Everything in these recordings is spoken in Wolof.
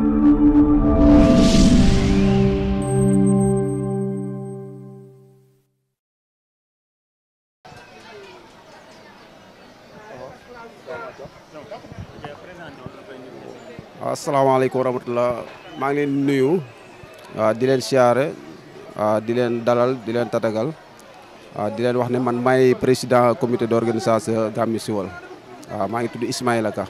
waaw asalaamaaleykum wa maa ngi leen nuyu di leen siyaare di leen dalal di leen tatagal di leen wax ne man may président comité d'organisation Gàmmu Siweul waaw maa ngi tudd Ismaïla Ka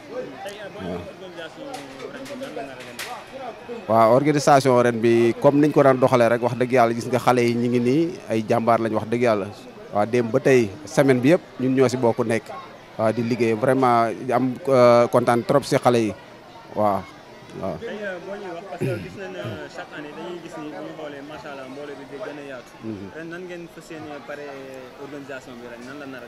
wa organisation ren bi comme niñ ko ran doxale rek wax deug yalla gis nga xalé yi ñi ngi ni ay jambar lañ wax deug yalla wa dem ba tay semaine bi yëpp ñun ñoo ci bokk nek wa di liggéey vraiment am content euh, trop ci xalé yi waaw waaw euh, euh, a yaatu. Mhm. ren nan a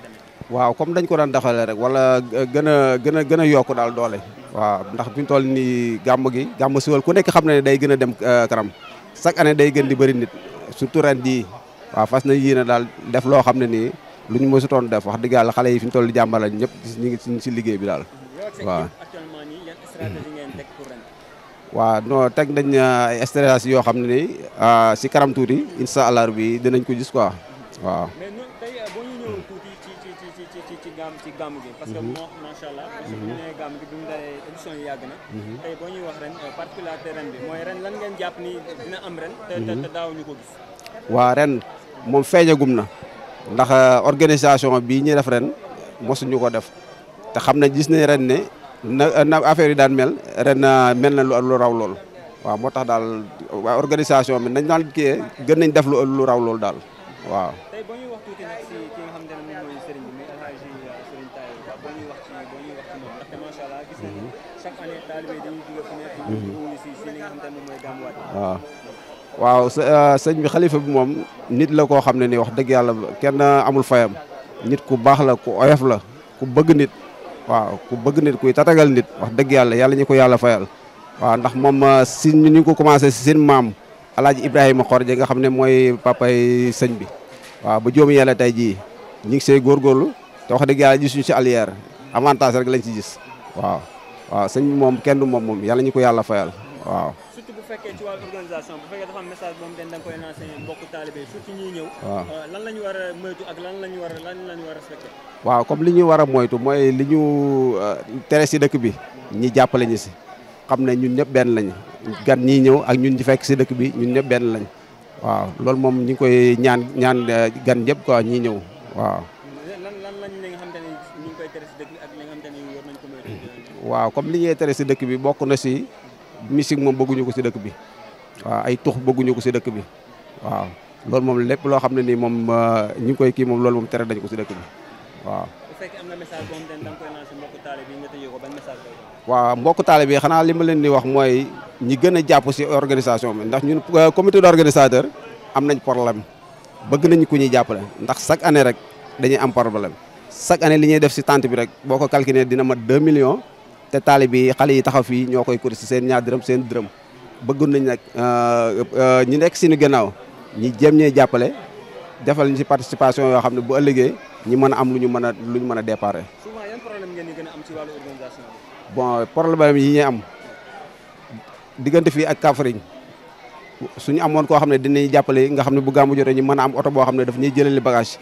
waaw comme dañ ko daan doxalee rek wala euh, gën a gën a gën a yokk daal doole. waaw ndax bi ñu toll nii gàmm gi gàmm siwal ku nekk xam ne ne day gën a dem kanam chaque ne day gën di bëri nit surtout ren jii waaw fas na yéene daal def loo xam ne nii lu ñu mësutoon def wax dëgg xale yi fi ñu toll jàmbar lañ ñëpp ñu ngi si liggéey bi daal waa waaw non teg nañ euh, ay stratégies yoo xam ne ni euh, si kanam tuuti incha allah bi dinañ ko gis quoi waaw. mais ñun euh, ñu ñëwoon tuuti ko waa ren moom feeñagum na ndax organisation bii ñuy def ren mosuñu ko def te xam na gis nañ ren ne. na eh, na affaire yi daan mel ren eh, mel na lu raw lool waaw moo tax daal organisation bi nañ daan kii gën nañ def lu raw lool daal waaw. Euh, waaw. sëñ bi xalifa bi moom nit la koo xam ne ni wax dëgg yàlla kenn amul fayam nit ku baax la ku oyof la ku bëgg nit. waaw ku bëgg nit kuy tatagal nit wax dëgg yàlla yàlla ñu ko yàlla fayal waaw ndax moom euh, si ñu ngi ko commencé si seen maam alaaji ibrahima xorje nga xam ne mooy papay sëñ bi waaw ba joom yàlla tey jii ñu ngi see góorgóorlu te wax dëgg yàlla gisuñu si alière avantage rek lañ si gis waaw waaw sëñ bi moom kenn du moom moom yàlla ñu ko yàlla fayal waaw surtout bu fekkee ci wàllu organisation bu fekkee dafa am message moom den da nga koy lancé mbokk waaw comme li ñuy war a moytu mooy li ñu euh, tere si dëkk bi ñi jàppale ñu si xam ne ñun ñëpp benn lañ gan ñii ñëw ak ñun ci fekk si dëkk bi ñun ñëpp benn lañ waaw loolu moom ñu ngi koy ñaan ñaan euh, gan ñëpp quoi ñii ñëw waaw. lan lan lañ li nga ñu tere si dëkk bi bokk na si musique moom bëgguñu ko si dëkk bi waaw ay tux bëgguñu ko si dëkk bi waaw loolu moom lépp loo xam ne nii moom euh, ñu ngi koy kii moom loolu moom tere dañ ko si dëkk bi. waaw. bu fekkee yi waaw mbokku taalibe yi xanaa li ma leen di wax mooy ñi gën a jàpp si organisation bi ndax ñun euh, comité d'organisateur am nañ problème bëgg nañ ku ñuy jàppale ndax chaque année rek dañuy am problème chaque année li ñuy def si tente bi rek boo ko calculé dina mat 2 millions te taalibe yi xale yi taxaw fii ñoo koy kuréel si seen ñaar dërëm seen dërëm bëggoon nañ nag euh, euh, ñi nekk suñu gannaaw ñi jéem ñee jàppale. defal ñu ci participation yoo xam ne bu ëllëgee ñi mën a am lu ñu mën a lu ñu mën a déparé. souvent ngeen ñu gën am ci wàllu organisation bi. bon problème yi ñuy am diggante fii ak Kaffrine suñu amoon koo xam ne dinañ jàppale nga xam ne bu gàmmu jotee ñu mën a am oto boo xam ne dafa ñuy jëlali bagage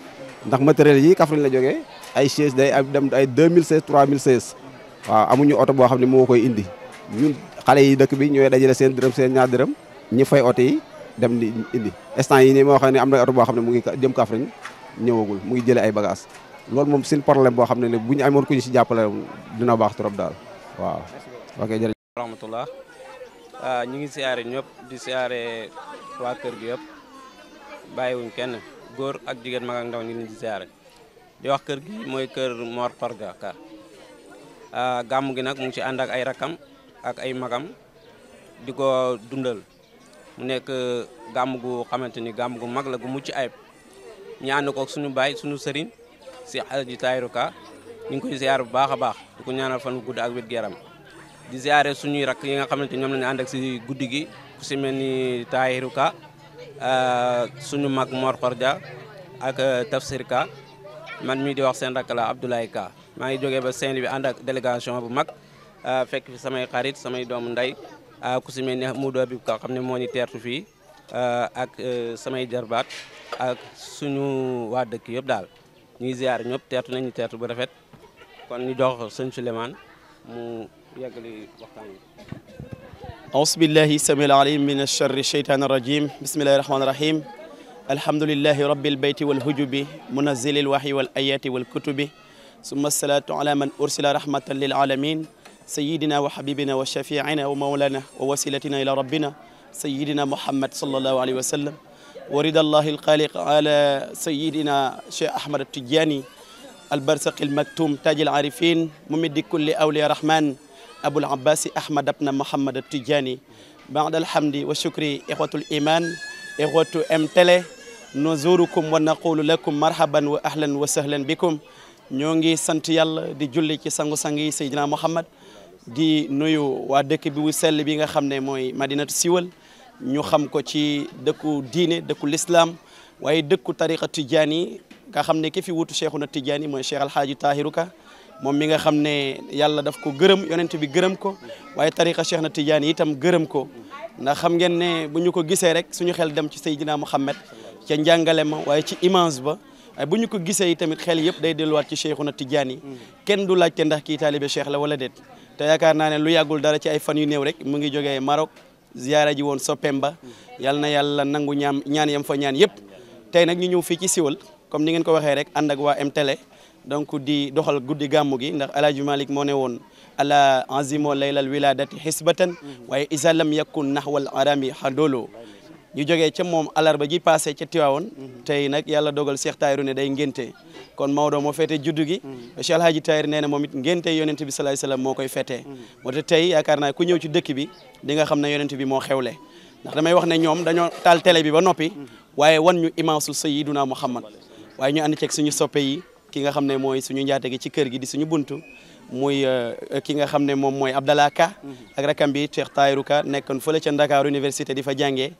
ndax matériel yi Kaffrine la jógee ay chaise day dem ay 2016 3016 waaw amuñu oto boo xam ne moo koy indi ñun xale yi dëkk bi ñooy dajale seen dërëm seen ñaar dërëm ñi fay oto yi. dem di indi instant yi ni mo xamne amna auto bo xamne mu ngi jëm Kaffrine ñewagul mu ngi jëlé ay bagage lool mom seen problème bo xamne buñu amone bu ñu amoon ku ñu si jàppale dina baax trop dal waaw ok jërëjëf rahmatullah ah, ñi ngi siyaare ñop di siyaare wa kër gi bayyi wuñ kenn goor ak jigen mag ak ndaw ñi ngi di siyaare di wax kër gi moy kër Mor Parga Ka ah, gamu gi nak mu ngi ci andak ak ay rakam ak ay magam di ko dundal mu nekk gàmm gu xamante ni gàmm gu mag la gu mucc ayib ñu ànd suñu baay suñu sëriñ si Alaaji Tayiru Ka ñu ngi koy ziar bu baax a baax di ko ñaanal fan gudd ak wér gu yaram di ziare suñuy rakk yi nga xamante ñoom lañu ànd ak si guddi gi ku si mel ni ah, suñu mag Mor Xorja ak ah, Tafsir Ka man mii di wax seen rakk la Abdoulaye Ka maa ngi jógee ba seen louis ànd ak délégation bu mag ah, fekk fi samay xarit samay doomu ndey كوسيميني مودو بيبكا خامني موني تيرتو في اك سماي جربات اك سونو وا دك ييب دال ني زيار نيوب تيرتو ناني تيرتو بو رافيت كون ني دوخ سن سليمان مو ياغلي وقتاني اعوذ بالله السميع العليم من الشر الشيطان الرجيم بسم الله الرحمن الرحيم الحمد لله رب البيت والهجب منزل الوحي والايات والكتب ثم الصلاه على من ارسل رحمه للعالمين سيدنا وحبيبنا وشفيعنا ومولانا ووسيلتنا إلى ربنا سيدنا محمد صلى الله عليه وسلم ورد الله القالق على سيدنا شيخ أحمد التجاني البرسق المكتوم تاج العارفين ممد كل أولياء الرحمن أبو العباس أحمد بن محمد التجاني بعد الحمد والشكر إخوة الإيمان إخوة أمتلي نزوركم ونقول لكم مرحبا وأهلا وسهلا بكم نيونغي سانتيال دي جولي كي سانغو سانغي سيدنا محمد di nuyu waa dëkk bi wu sell bi nga xam ne mooy madinat siwal ñu xam ko ci dëkku diine dëkku lislam waaye dëkku tariqa tijaan yi nga xam ne ki fi wutu cheikhuna tijaan yi mooy cheikh alhaaji tahiru ka moom mi nga xam ne yàlla daf ko gërëm yonent bi gërëm ko waaye tariqa cheikh na tijaan yi itam gërëm ko ndax xam ngeen ne bu ñu ko gisee rek suñu xel dem ci Seydina Muhammad ca njàngale ma waaye ci image ba waaye bu ñu ko gisee yi tamit xel yëpp day delluwaat ci cheikhuna tijaan yi mm. kenn du laajte ndax kii taalibe cheikh la wala déet te yaakaar naa ne lu yàggul dara ci ay fan yu néew rek mu ngi jógee Maroc ziyaara ji woon soppeem ba yal na yàlla nangu ñaam ñaan yam fa ñaan yëpp tey nag ñu ñëw fii ci Siweul comme ni ngeen ko waxee rek ànd ak waa MTélé donc di doxal guddi gàmmu gi ndax El Hadj Malick moo ne woon ala enzimo laylal wiladati xisbatan waaye isa lam yakun nahwal arami hadolo ñu jógee ca moom alarba ji passé ca Tiwaawoon tey nag yàlla dogal seex Tahirou ne day ngénte kon Maodo moo feete juddu gi Cheikh Alhaji Tahir nee na moom it ngénte yonent bi sallallahu alayhi moo koy feetee moo te tey yaakaar naa ku ñëw ci dëkk bi di nga xam ne yonent bi moo xewle ndax damay wax ne ñoom dañoo taal télé bi ba noppi waaye wan ñu imaasu sayyiduna Muhammad waaye ñu ànd ceeg suñu soppe yi ki nga xam ne mooy suñu njaata gi ci kër gi di suñu buntu muy euh, ki nga xam ne moom mooy Abdallah Ka ak bi Cheikh Tahirou Ka nekkoon fële ca Dakar université di fa jàngee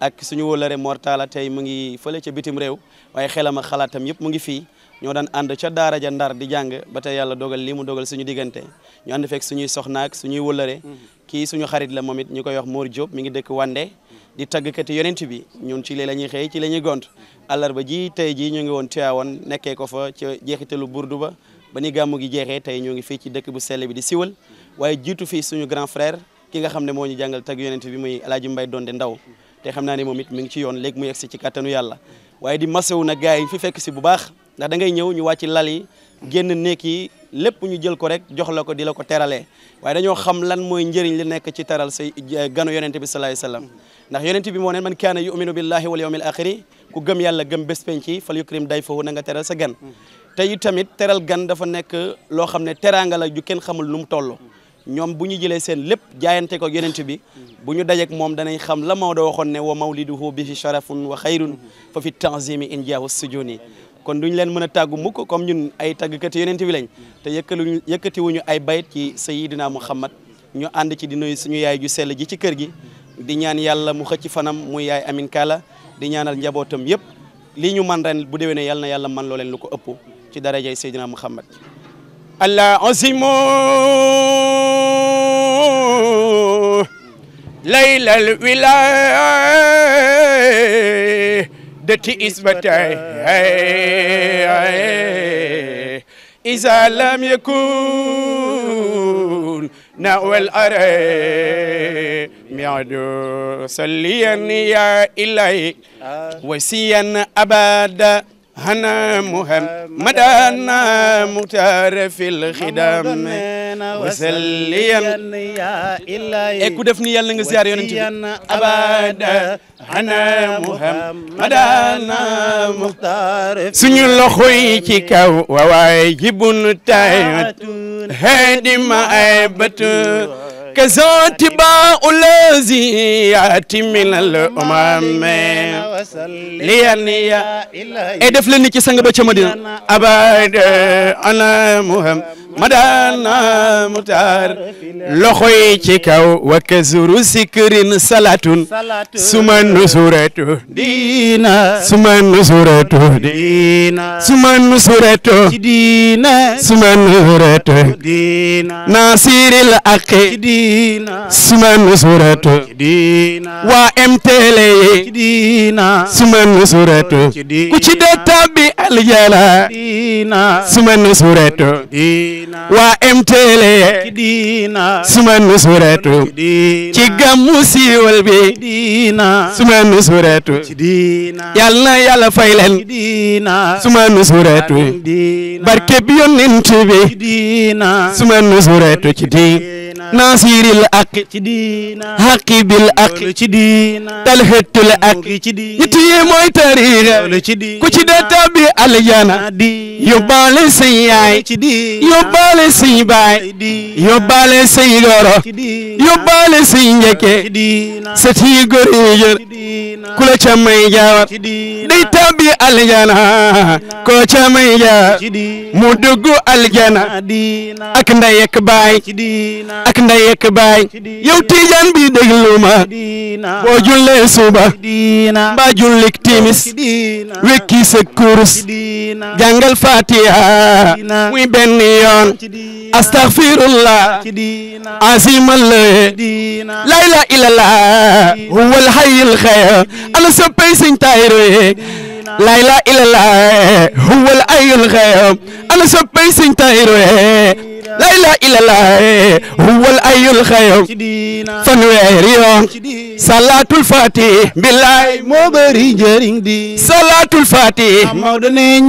ak suñu wóolare Mortala tey mu ngi fële ca bitim réew waaye xelam ak xalaatam yëpp mu ngi fii ñoo daan ànd ca daara ja ndar di jàng ba tey yàlla dogal lii mu dogal suñu diggante ñu ànd fekk suñuy soxnaak ak suñuy wóolare mm-hmm. kii suñu xarit la moom it ñu koy wax Mor Diop mi ngi dëkk Wande di tàggkati yonent bi ñun ci lii la ñuy xëy ci la ñuy gont mm-hmm. ba ji tey jii ñu ngi woon Tiwaawan nekkee ko fa ca jeexitalu burdu ba ba ni gàmmu gi jeexee tey ñu ngi fii ci dëkk bu sell bi di siwal mm-hmm. waaye jiitu fii suñu grand ki nga xam ne moo ñu jàngal tagg yonent bi muy Alaaji Mbay Donde Ndaw te xam naa ne moom it mi ngi ci yoon léegi mu yegsi ci kàttanu yàlla waaye di masawu na gars fi fekk si bu baax ndax da ngay ñëw ñu wàcc lal yi génn néeg lépp ñu jël ko rek jox la ko di la ko teralee waaye dañoo xam lan mooy njëriñ li nekk ci teral say ganu yonente bi sallallahu alayhi wasallam ndax yonente bi moo neen man kaana yuminu billahi wal yawmil axiri ku gëm yàlla gëm bés penc yi fal yukrim day fahu na nga teral sa gan te it tamit teral gan dafa nekk loo xam ne teraanga ju kenn xamul nu mu toll ñoom bu ñu jëlee seen lépp jaayante ko yonent bi bu ñu dajeek moom danañ xam la Maodo waxoon ne wa mawliduhu bihi sharafun wa xayrun fa fi tanzimi in jaawu sujuni kon duñ leen mën a tàggu mukk comme ñun ay tàggkati yonent bi lañ te yëkkaluñu yëkkatiwuñu ay bayit ci mu Muhammad ñu ànd ci di nuyu suñu yaay ju sell ji ci kër gi di ñaan yàlla mu xëcc fanam mu yaay Amin Kala di ñaanal njabootam yëpp lii ñu man ren bu déwénee yàlla na yàlla man loo leen lu ko ëpp ci darajay sayidina Muhammad ألا أسمو ليل الولادة إثبتي إذا لم يكون نحو الأري معدو صليا يا إلهي آه. وسيا أبدا هنا محمدنا مختار في الخدام وسليا إلهي ku def ni yàlla nga ziar yonent bi abada ana muhammadana muxtaar suñu loxo yi ci kaw waawaay jibun tayat hedi ma ay كذا اتباع الذي ياتي من الامم لينيا ادف لني سي سانغ با تي مدينه ابا انا محمد madana mutar loxo yi ci kaw wa kazuru sikrin salatun suma nusuratu dina suma nusuratu dina suma nusuratu dina suma nusuratu dina nasiril aqi dina suma nusuratu dina wa mtele dina suma nusuratu ku ci detabi aljala dina suma nusuratu dina waa MTL suma nu suureetu ci gàmmu siiwal bi suma nu suureetu yal na yàlla fay leen suma nu suureetu barke bi yonent bi suma nu suureetu ci di nasiril aqi ci diina haqi bil aqi ci diina talhatul aqi ci diina ñett yi mooy tariixa ci diina ku ci dee tabbi aljana yóbbaale say yaay ci diina yóbbaale say baay yóbbaale say goro yóbbaale say njëkke yi góor yi jër ku la ca may jaawar di tabbi aljana koo ca may jaawar mu dugg aljana ak ndey baay ak ndey ak baay yow tiijaan bi déglu ma boo jullee suba mbaa jullik timis wekki sa kurus jàngal fatiha muy benn yoon astaghfirullah azimallah la ilaha illallah huwal hayyul khayr ana sa pay sëñ la ilaha illallah huwal hayyul qayyum ana soppay Sëñ Tayiru la ilaha illallah huwal hayyul qayyum fanweeri salaatul fatih billaay moo bëri njëriñ di salaatul fatih Maodo ne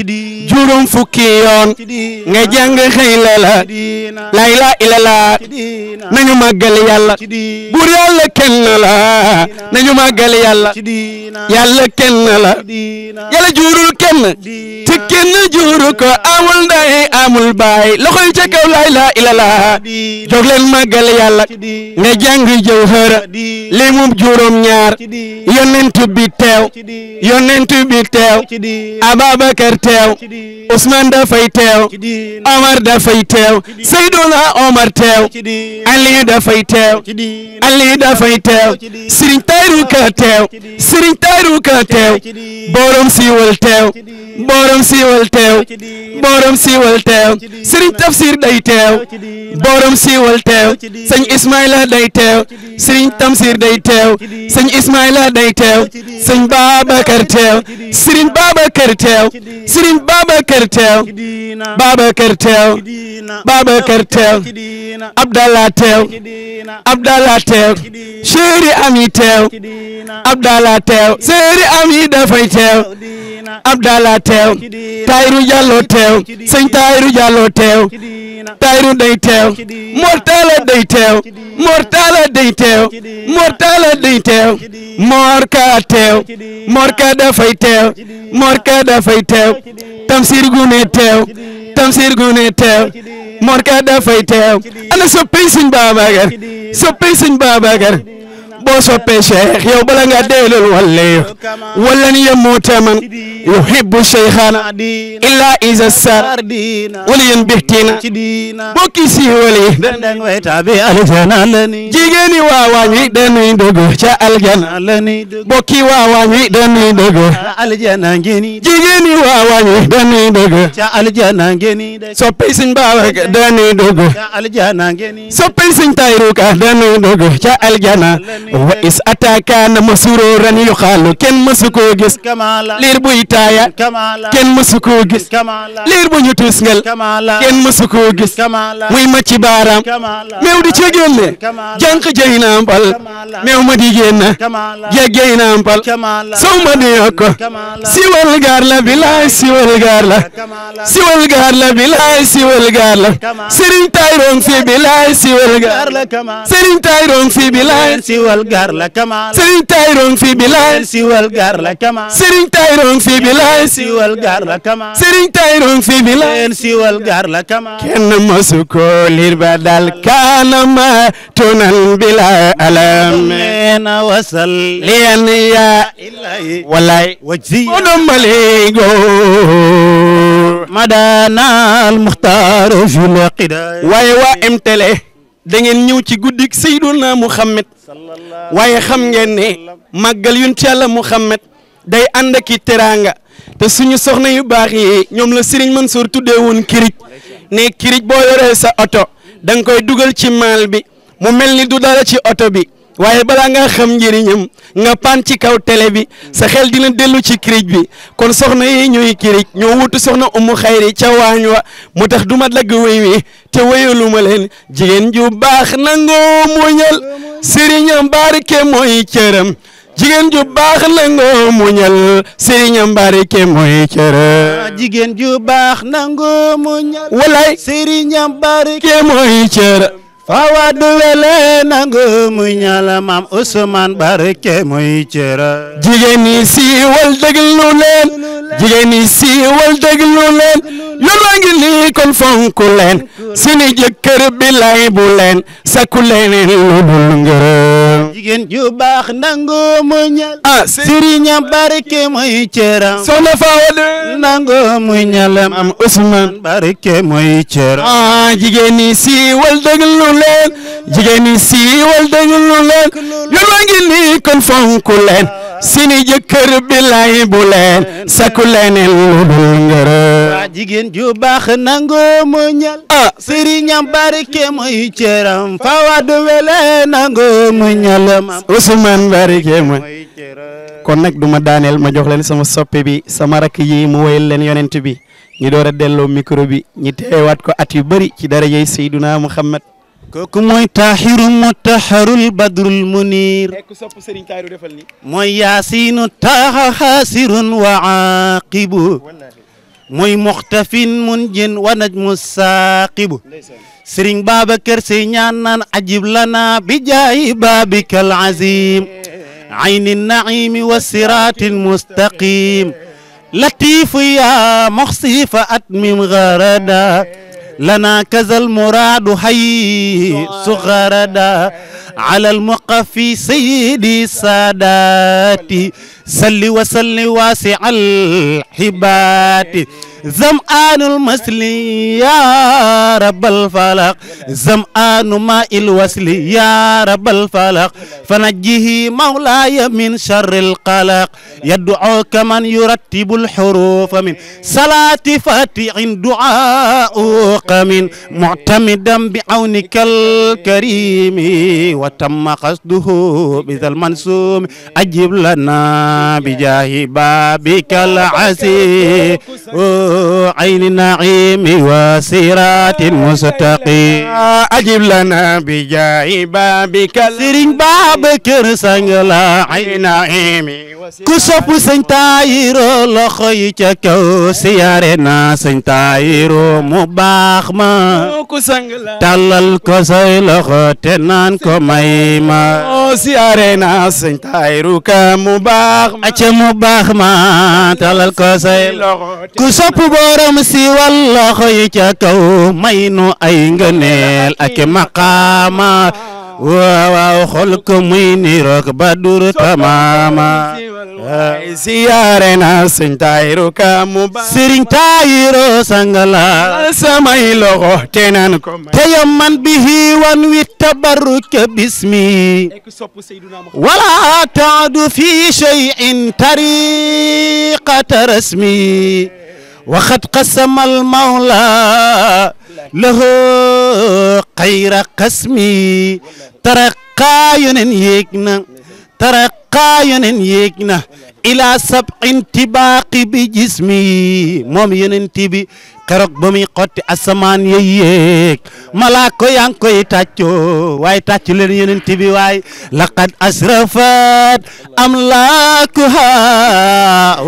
di juróom fukki yoon nga jàng xëy la la la ilaha illallah nañu màggal yàlla buur yàlla kenn la nañu màggal yàlla la yàlla juurul kenn te kenn juuru ko amul nday amul baay loxo yi ca kaw laa ilaaha illallaah jóg leen màggal yàlla nga jàng jawhara li mu juróom-ñaar yonent bi teew yonent bi teew Ababakar teew Ousmane dafay teew Omar dafay teew Seydouna Omar teew Ali dafay teew Ali dafay teew Serigne Tayrou ka teew Serigne Tayrou ka teew borom siiwal teew borom siiwal teew borom siiwal teew sëriñ Tafsir day teew borom siiwal teew sëñ Ismaila day teew sëriñ Tamsir day teew sëñ Ismaila day teew sëñ Babacar teew teew sëriñ Babacar teew Abdallah teew Abdallah teew Chéri Ami teew Abdallah teew Chéri Ami dafay teew Abdala teew Tayru Jallo teew sëñ Tayru Jallo teew Tayru day teew Mortala day teew Mortala day teew Mortala day teew Morka teew Morka dafay teew Morka dafay teew Tamsir Gune teew Tamsir Gune teew Morka dafay teew ana soppey sëñ Babacar soppey sëñ Babacar boo soppee cheikh yow bala nga deelul walleyo wallan yemuuta man yuhibbu cheikhana illa isa sardi waliyan bihtina bokki si wali dendeng way tabi aljana lani jigéeni waawaañ wi danuy dogo ca aljana lani bokki waawaañ wi danuy dogo jigéeni waawaañ wi danuy dogo ca aljana ngeni danuy dogo ca aljana ngeni soppey danuy dogo ca aljana wa is atakaana masuróoran yu xaalu kenn mësu koo gis liir buy taaya kenn mësu koo liir bu ñu tusngal kenn mësu koo muy ma ci baaraam meew di ca génne jànq jëy naa mbal meew ma di génne jéggey naa mbal sow di yokk siwal gaar la bilaay siwal gaar la siwal gaar la bilaay siwal gaar la sëriñ tay rong siwal gaar la sëriñ tay rong fi bilaay siwal siwal gar la kamal Serigne Tayrong fi bilaay siwal gar la kamal Serigne Tayrong fi bilaay siwal gar fi bilaay siwal gar la kamal kenn dal kanama tunal bila alam na wasal liyan ya ilahi walay wajhi odombaligo madana al mukhtar fi laqida way wa imtale dangeen ñëw ci guddik Seydouna Muhammad waaye xam ngeen ne màggal yonent Yàlla Muhammad day ànd ak i teraanga te suñu soxna yu baax yi ñoom la Serigne Mansour tuddee woon kirij ne kirij boo yoree sa oto da nga koy dugal ci maal bi mu mel ni du dara ci oto bi. waaye balaa nga xam njëriñam nga paan ci kaw tele bi sa xel dina dellu ci kirij bi kon soxna yi ñuy kirij ñoo wutu soxna umu xayri ca waañ wa mu tax du ma dagg wéy wi te wéyalu ma leen jigéen ju baax nangoo muñal sëriñam barke mooy cëram jigéen ju baax nangoo muñal sëriñam barke mooy cëram jigéen ju baax nangoo muñal walaay sëriñam wawa duwele nangu muy ñala maam Ousmane barke muy cëra jigéen ñi siiwal déglu leen jigéen ñi siiwal déglu leen yoon waa ngi nii kon fonku leen sini jëkkër bi lay bu leen sakku leneen lu dul ngërëm jigéen ju baax nangoo muñal ah, ah sëriña barke mooy cëram soxna Fawade nangoo muñal am Ousmane barke mooy cëram ah jigéen ñi siiwal déglu leen jigéen ñi siiwal déglu leen yoon waa ngi nii kon fonku leen sini jëkkër bilaay bu leen sakku leneen lu dul jigéen ju baax nangoo mu ñal ah sëriñam barike mooy cëram fawadu wele nangoo mu ñal mam barike mooy kon nag duma daaneel ma jox leen sama soppe bi sama rakk yi mu woyal leen yonent bi ñu door delloo micro bi ñu teewaat ko at yu bëri ci darajey Seyduna Muhammad كوك موي متحر البدر المنير موي ياسين تاه خاسر وعاقب موي مختف منجن ونجم الساقب سرين بابا كرسينيانا عجب لنا بجاي بابك العظيم عين النعيم والصراط المستقيم لطيف يا مخصي فأتمم غردا لنا كذا المراد حي صغردا على المقفي سيدي ساداتي صلي وسل واسع الحبات زمآن المسلي يا رب الفلق زمآن ماء الوسل يا رب الفلق فنجه مولاي من شر القلق يدعوك من يرتب الحروف من صلاة فاتع دعاء قمن معتمدا بعونك الكريم وتم قصده بذا المنسوم أجب لنا بجاه بابك العسي عين نعيم وسيرات مستقيم أجب لنا بجاه بابك سيرين بابك سنجلا عين نعيم ku sopp sëñ Tahirou loxo yi ca kaw siyaare naa sëñ Tahirou mu baax ma tàllal ko say loxo te naan ko may ma siyaare naa sëñ Tahirou ka mu baax a acca mu baax ma talal ko say ku sopp borom si walloxo yi ca kaw may nu ay ngëneel ak maqaama واو خلق ميني رك بدور تماما زيارنا سنتايرو كام سرينتايرو سانغلا سماي لوغو تنان كوم تيمان بيه وان ويتبرك باسمي ولا تعد في شيء طريقة رسمي وقد قسم المولى له xayra xasmi taraqaa yonen yéeg na taraqaa yonen yéeg na ila sab'in tibaaqi bi jismi moom yonent bi keroog ba muy xotti asamaan yey yéeg malaako yaa ngi koy tàccoo waaye tàcc leen yonent bi waaye laqad asrafat amlaakuha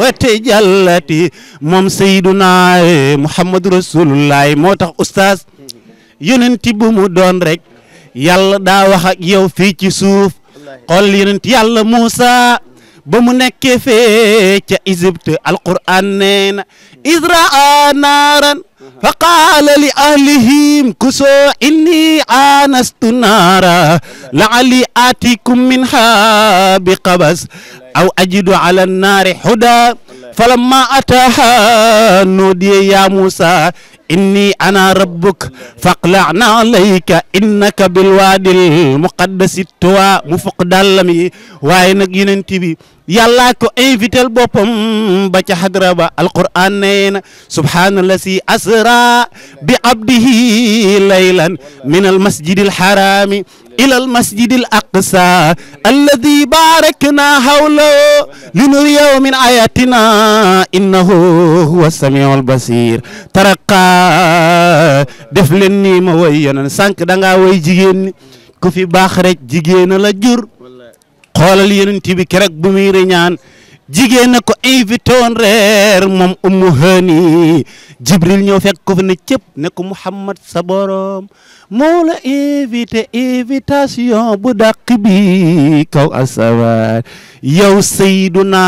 wa tajallati moom sayyiduna Muhammadu Rasulullah moo tax ustaas yonent bu mu doon rek yàlla daa wax ak yow fii ci suuf xool yonent yàlla Muusa ba mu nekkee fee ca Égypte alquran nee na israa naaran fa qaala li ahlihim kusoo inni aanastu naara laali aatikum minha bi qabas aw ajidu ala naari huda فلما أتاها نودي يا موسى إني أنا ربك فاقلعنا عليك إنك بالوادي المقدس التوى مفق دالمي وينك ينتبي yàllaa ko invité boppam ba ca xadra ba alquran nee na subhaanala si asra bi abdihi laylan min almasjidi alxarami إلى المسجد الأقصى الذي باركنا حوله لنريه من آياتنا إنه هو السميع البصير ترقى def leen nii ma woy yeneen sànq da ngaa woy jigéen ñi ku fi baax rek jigéen la jur xoolal yeneen bi keroog bu muy reñaan jigéen a ko invité woon reer moom ummu hani jibril ñëw fekk ko fi ne cëpp ne ko muhammad sa borom la invité invitation bu dàq bi kaw asawaar yow sayduna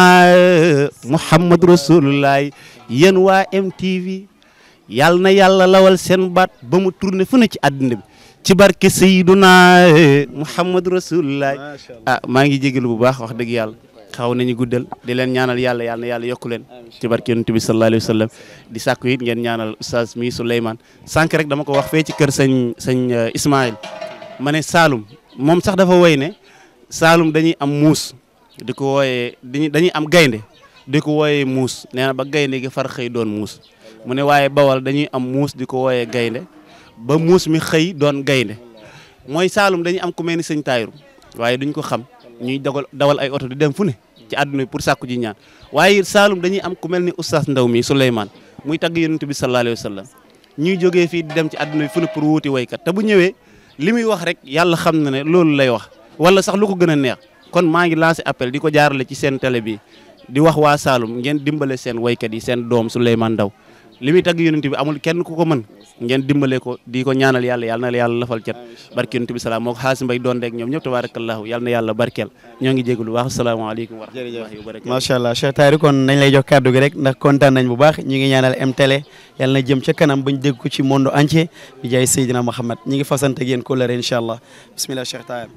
muhammad rasulullahi yéen waa mtv yàlla na yàlla lawal seen baat ba mu tourné fu ne ci àddina bi ci barke sayduna muhammad rasulullahi a ah, maa ngi jégalu bu baax wax dëgg yàlla xaw nañu guddal di leen ñaanal yàlla yàlla na yàlla yokku leen ci barke yonent bi sallallahu alayhi wa sallam di sàkku it ngeen ñaanal oustaz mi Souleymane sànq rek dama ko wax fee ci kër sëñ sëñ euh, Ismaïl ma ne Saalum moom sax dafa woy ne Saalum dañuy am muus di ko wooyee dañuy am gaynde di ko wooyee muus nee ba gaynde gi far xëy doon muus mu ne waaye bawal dañuy am muus di ko wooyee gaynde ba muus mi xëy doon gaynde mooy Saalum dañuy am ku mel Tayru waaye duñ ko xam ñuy dogal dawal ay oto di dem fu ne ci àdduna bi pour sàkku ji ñaan waaye Saalum dañuy am ku mel ni oustaz ndaw mi Souleymane muy tagg yonent bi sallallahu alayhi wa sallam ñuy joge fii di dem ci àdduna bi fu ne pour wuuti waykat te bu ñëwee li muy wax rek yàlla xam na ne loolu lay wax wala sax lu ko gën a neex kon maa ngi lancé appel di ko jaarale ci seen télé bi di wax waa Saalum ngeen dimbale seen waykat yi seen doom Souleymane Ndaw li muy tagg yonent bi amul kenn ku ko mën ngeen dimbalee ko di ko ñaanal yàlla yàlla na yàlla lafal cet barke yonent bi salaam moo ko xaasi mbay ñoom ñëpp tabaarakallaahu yàlla na yàlla barkeel ñoo ngi jégalu waax asalaamaaleykum wa rahmatullaahi wa barakaatuh macha allah Cheikh Tahirou kon nañ lay jox kàddu gi rek ndax kontaan bu baax ñu ngi ñaanal MTélé yàlla na jëm ca kanam bañ dégg ko ci monde entier bi jaay Muhammad ñu ngi fasante ak yéen kóllare incha allah bismillah Cheikh Tahirou